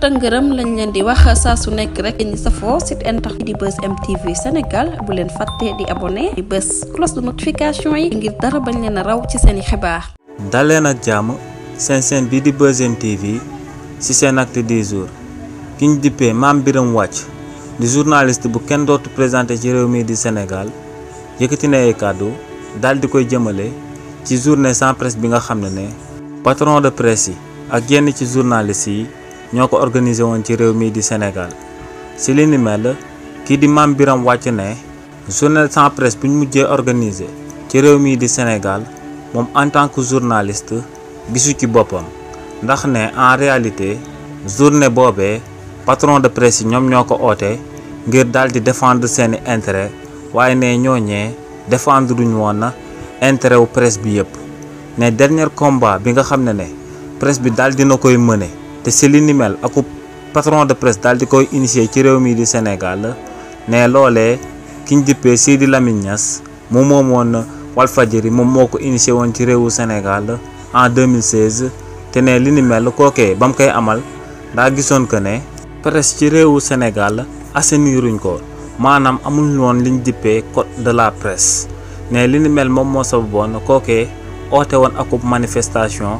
tëngërëm lañ leen di wax saa su nekk rek ñi safoo site internet di bës mtv sénégal bu leen fàtte di abonné di bës cloche de notification yi ngir dara bañ leen a raw ci seeni xibaar daleen ak jàmm seen seen bi di bës mtv si seen acte des jours kiñ dippee maam biram wàcc di journaliste bu kenn dootu présenté ci réew mi di sénégal yëkkati na ay kàddu dal di koy jëmale ci journée sans presse bi nga xam ne ne patron de presse yi ak yenn ci journaliste yi ñoo ko organisé woon ci réew mii di Sénégal si li ni mel kii di Mame biram wàcc ne journée sans presse bu ñu mujjee organisé ci réew mii di Sénégal moom en tant que journaliste gisu ci boppam ndax ne en réalité journée boobee patron de presse yi ñoom ñoo ko oote ngir daal di défendre seeni intérêt waaye ne ñooñee défendre duñu woon na intérêt wu presse bi yépp ne dernier combat bi nga xam ne ne presse bi daal dina koy mëne te si li mel aku patron de presse daal di koy initier ci réew mii di Sénégal ne loole kiñ dippee Sidi Lamine Niass mu moom woon Walfadjri moom moo ko initier woon ci réewu Sénégal en 2016 te ne li ni mel kookee ba mu koy amal daa gisoon que ne presse ci réewu Sénégal asseniruñ ko maanaam amul woon liñ dippee code de la presse ne li ni mel moom moo sababoon kookee oote woon akub manifestation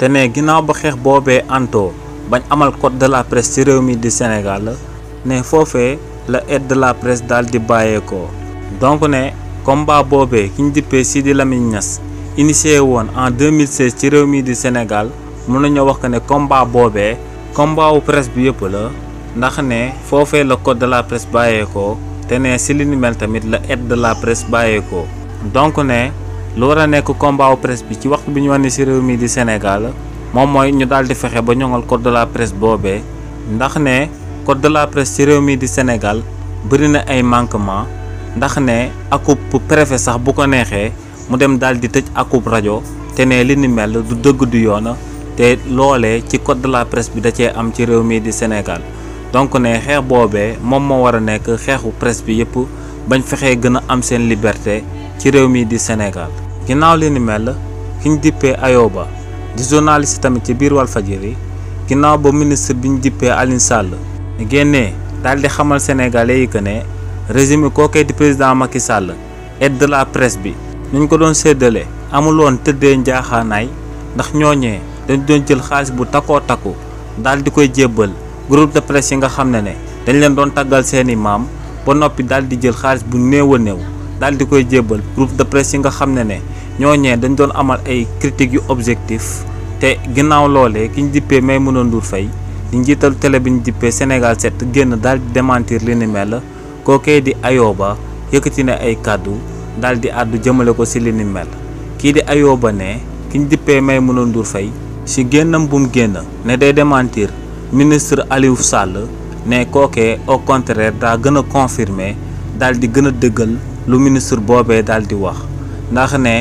te ne ginnaaw ba xeex boobee antoo bañ amal code de la presse ci réew mi di Sénégal ne foofee la aide de la presse dal di bàyyeekoo donc ne combat boobee ki ñu dippee Sidi Lamine Niass initié woon en 2016 ci réew mi di Sénégal mën nañoo wax que ne combat boobee combat wu presse bi yëpp la ndax ne foofee la code de la presse bàyyeekoo te ne si tamit la ed de la presse bàyyeekoo donc ne lu war nekk combat wu bi ci waxtu bi ñu wane si réew mi di Sénégal moom mooy ñu daal di fexe ba ñoŋal code de la presse boobee ndax ne code de la presse ci réew mii di Sénégal bëri na ay manquement ndax ne akub préfet sax bu ko neexee mu dem daal di tëj akub rajo te ne li ni mel du dëgg du yoona te loolee ci code de la presse bi da cee am ci réew mii di Sénégal donc ne xeex boobee moom moo war a nekk xeexu presse bi yëpp bañ fexee gën a am seen liberté ci réew mii di Sénégal ginnaaw li ni mel ki ñu dippee Ayoba di journaliste tamit ci biir Walfadjri ginnaaw ba ministre bi dippee Alioune Sall génnee daal di xamal sénégalais yi que ne régime kookee di président Macky Sall et de la presse bi ñu ko doon séddale amuloon woon tëddee njaaxaanaay ndax ñooñee dañ doon jël xaalis bu takkoo takku daal di koy jébbal groupe de presse yi nga xam ne ne dañu leen doon taggal seeni maam ba noppi daal di jël xaalis bu néew a néew daal di koy jébbal groupe de presse yi nga xam ne ne ñoo ñooñee dañu doon amal ay critiques yu objectif te ginnaaw loole ki ñu dippee mënoon Ndour Faye di njiital télé bi ñu dippee Sénégal 7 génn daal demantir démentir li ni kookee di Ayoba yëkkati na ay kàddu daal di àddu jëmale ko ci li kii di Ayoba ne kiñ ñu dippee mënoon Ndour Faye ci génnam bu mu génn ne day démentir ministre Aliou Sall ne kookee au contraire daa gën a confirmer daal di gën a dëggal lu ministre Bobé daal di wax ndax ne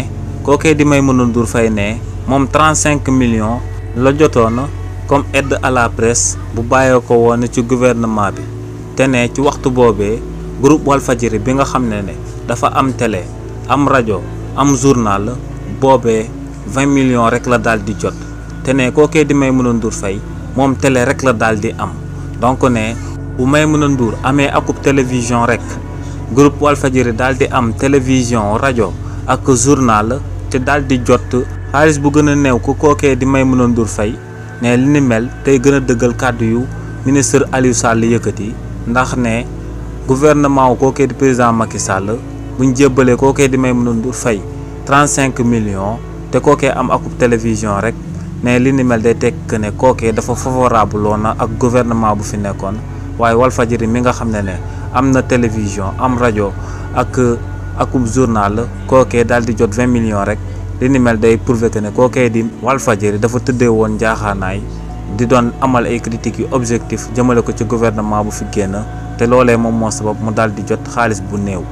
kookee di Maimouna Ndour fay né mom 35 millions la jotone comme aide à la presse bu bàyyee ko woon ci gouvernement bi té né ci waxtu bobé groupe Walfadjri bi nga xamné né dafa am télé am radio, am journal Bobé, 20 millions rek la daal di jot te ne kookee di Maimouna Ndour fay mom télé rek la daal di am donc né bu Maimouna Ndour amé akup télévision rek groupe Walfadjri daal di am télévision rajo ak journal te daal di jot xaalis bu gën a néew ku kookee di Maimouna Ndour Faye ne li ni mel tey gën a dëggal kàddu yu ministre Aliou Sall yëkkati ndax ne gouvernement wu kookee di président Macky Sall buñ jébbalee kookee di Maimouna Ndour Faye 35 millions te kookee am akub télévision rek ne li ni mel day tekk ne kookee dafa favorable woon na ak gouvernement bu fi nekkoon waaye Walfajiri mi nga xam ne ne am na télévision am rajo ak akum journal kookee daal di jot 20 millions rek li ni mel day prouver ne kookee di Walfajiri dafa tëddee woon njaaxaanaay di doon amal ay critiques yu objectif jëmale ko ci gouvernement bu fi génn te loolee moom moo sabab mu daal di jot xaalis bu néew.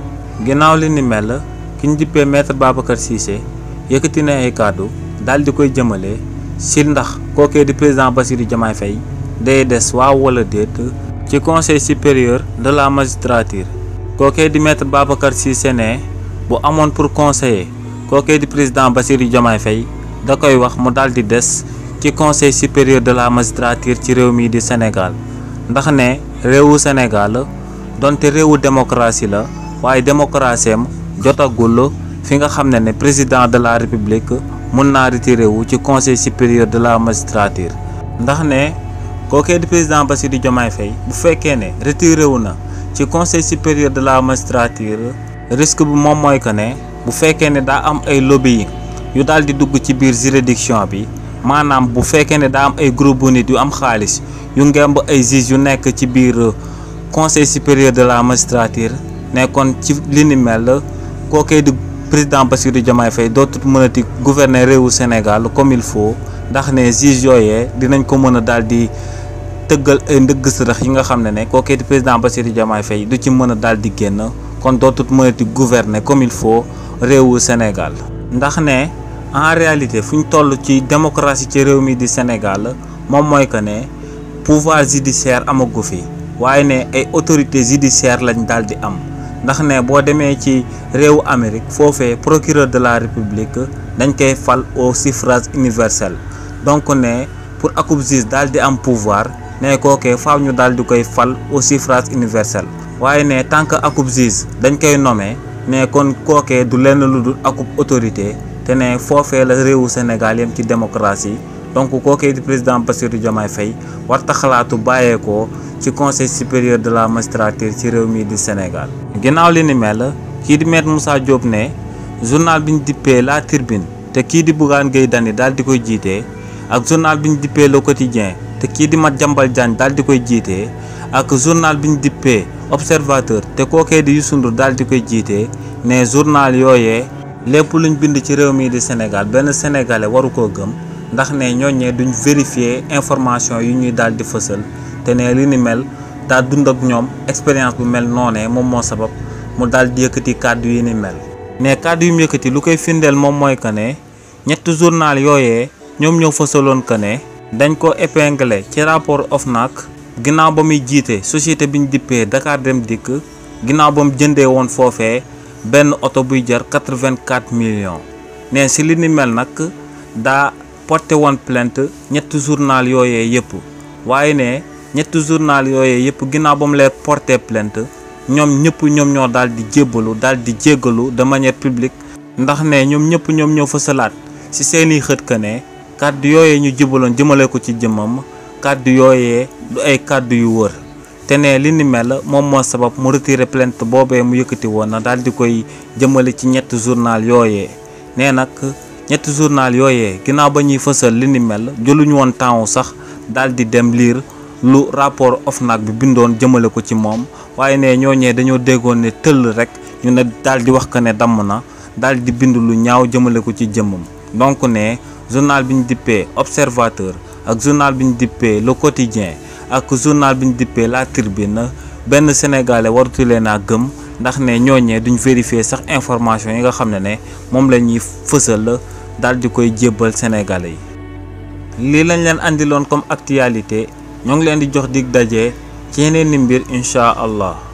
ginnaaw li ni mel ki ñu dippee maître Babacar Cissé yëkkati na ay kàddu daal di koy jëmale si ndax kookee di président Bassirou Diomaye Faye day des waaw wala ci conseil supérieur de la magistrature kookee di maître Babacar Cissé ne bu amoon pour conseiller kookee di président Bassirou Diomaye Faye da koy wax mu daal di des ci conseil supérieur de la magistrature ci réew mii di Sénégal ndax ne réewu Sénégal donte réewu démocratie la waaye démocratie am jotagul fi nga xam ne ne président de la république mun naa retiré wu ci conseil supérieur de la magistrature ndax ne kookee di président Bassirou Diomaye Faye bu fekkee ne retiré wu na ci conseil supérieur de la magistrature risque bi moom mooy que ne bu fekkee ne daa am ay lobbying yu daal di dugg ci biir juridiction bi maanaam bu fekkee ne daa am ay groupe bu nit yu am xaalis yu ngemb ay juge yu nekk ci biir conseil supérieur de la magistrature nekkoon ci li ni mel kookee di président Bassirou Diomaye Faye dootul mënati gouverner réewu Sénégal comme il faut ndax ne juge yooyee dinañ ko mën a daal di tëggal ay ndëgg sërëx yi nga xam ne ne kookee président président Bassirou Diomaye Faye du ci mën a daal di génn kon dootut mënati gouverner comme il faut réewu Sénégal ndax ne en réalité fu ñu toll ci démocratie ci réew mi di Sénégal moom mooy que ne pouvoir judiciaire amagu fi waaye ne ay autorités judiciaires lañ daal di am ndax ne boo demee ci réewu Amérique foofee procureur de la République dañ koy fal au suffrage universel donc ne pour akub juge daal di am pouvoir ne kookee faw ñu daal di koy fal aussi suffrage universel waaye ne tant que akub juge dañ koy nommé ne kon kookee du lenn lu dul akub autorité te ne foofee la réewu Sénégal yem ci démocratie donc kookee di président Bassirou Diomaye Faye warta xalaatu bàyyeekoo ci conseil supérieur de la magistrature ci réew mii di Sénégal ginnaaw li ni mel kii di maître Moussa Diop ne journal bi ñu dippee La tirbine te kii di Bougane Gueye Dany daal di koy jiitee ak journal bi ñu dippee le quotidien te kii di Madiambal Diagne daal di koy jiitee ak journal bi ñu dippee observateur te kookee di Youssou Ndour daal di koy jiitee ne journal yooyee lépp luñ bind ci réew mii di Sénégal benn sénégalais waru koo gëm ndax ne ñooñee duñ vérifier information yu ñuy daal di fësal te ne li ni mel daa dund ak ñoom expérience bu mel noonee moom moo sabab mu daal di yëkkati kàddu yi ni mel. mais kàddu yu mu lu koy firndeel moom mooy que ne ñetti journal yooyee ñoom ñoo fësaloon que ne dañ ko épinglé ci rapport OFNAC ginnaaw ba muy jiite société bi ñu dippee Dakar Dem Dikk ginnaaw ba mu jëndee woon foofee benn oto buy jar 84 millions ne si li ni mel nag daa porté woon plainte ñetti journal yooyee yëpp waaye ne ñetti journal yooyee yëpp ginnaaw ba mu leen porté plainte ñoom ñëpp ñoom ñoo daal di jébbalu daal di jéggalu de manière publique ndax ne ñoom ñëpp ñoom ñoo fësalaat si seeni xët ka ne kàddu yooyee ñu jubaloon jëmale ko ci jëmmam kàddu yooyee du ay kàddu yu wër te ne li mel moom moo sabab mu retiré plainte boobee mu yëkkati woon na daal di koy jëmale ci ñett journal yooyee nee nag ñett journal yooyee ginnaaw ba ñuy fësal li ni mel jëluñu woon temps sax daal di dem liir lu rapport OFNAC bi bindoon jëmale ko ci moom waaye ne ñooñee dañoo déggoon ne tëll rek ñu ne daal di wax ko ne damm na daal di bind lu ñaaw jëmale ko ci jëmmam donc journal bi ñu dippee observateur ak journal bi ñu dippee le quotidien ak journal bi ñu dippee la na benn sénégalais waratu leen a gëm ndax ne ñooñee duñ vérifier sax information yi nga xam ne ne moom la ñuy la daal di koy jébbal sénégalais yi. lii lañ leen indiloon comme actualité ñoo ngi leen di jox dig daje ci yeneen i mbir incha allah.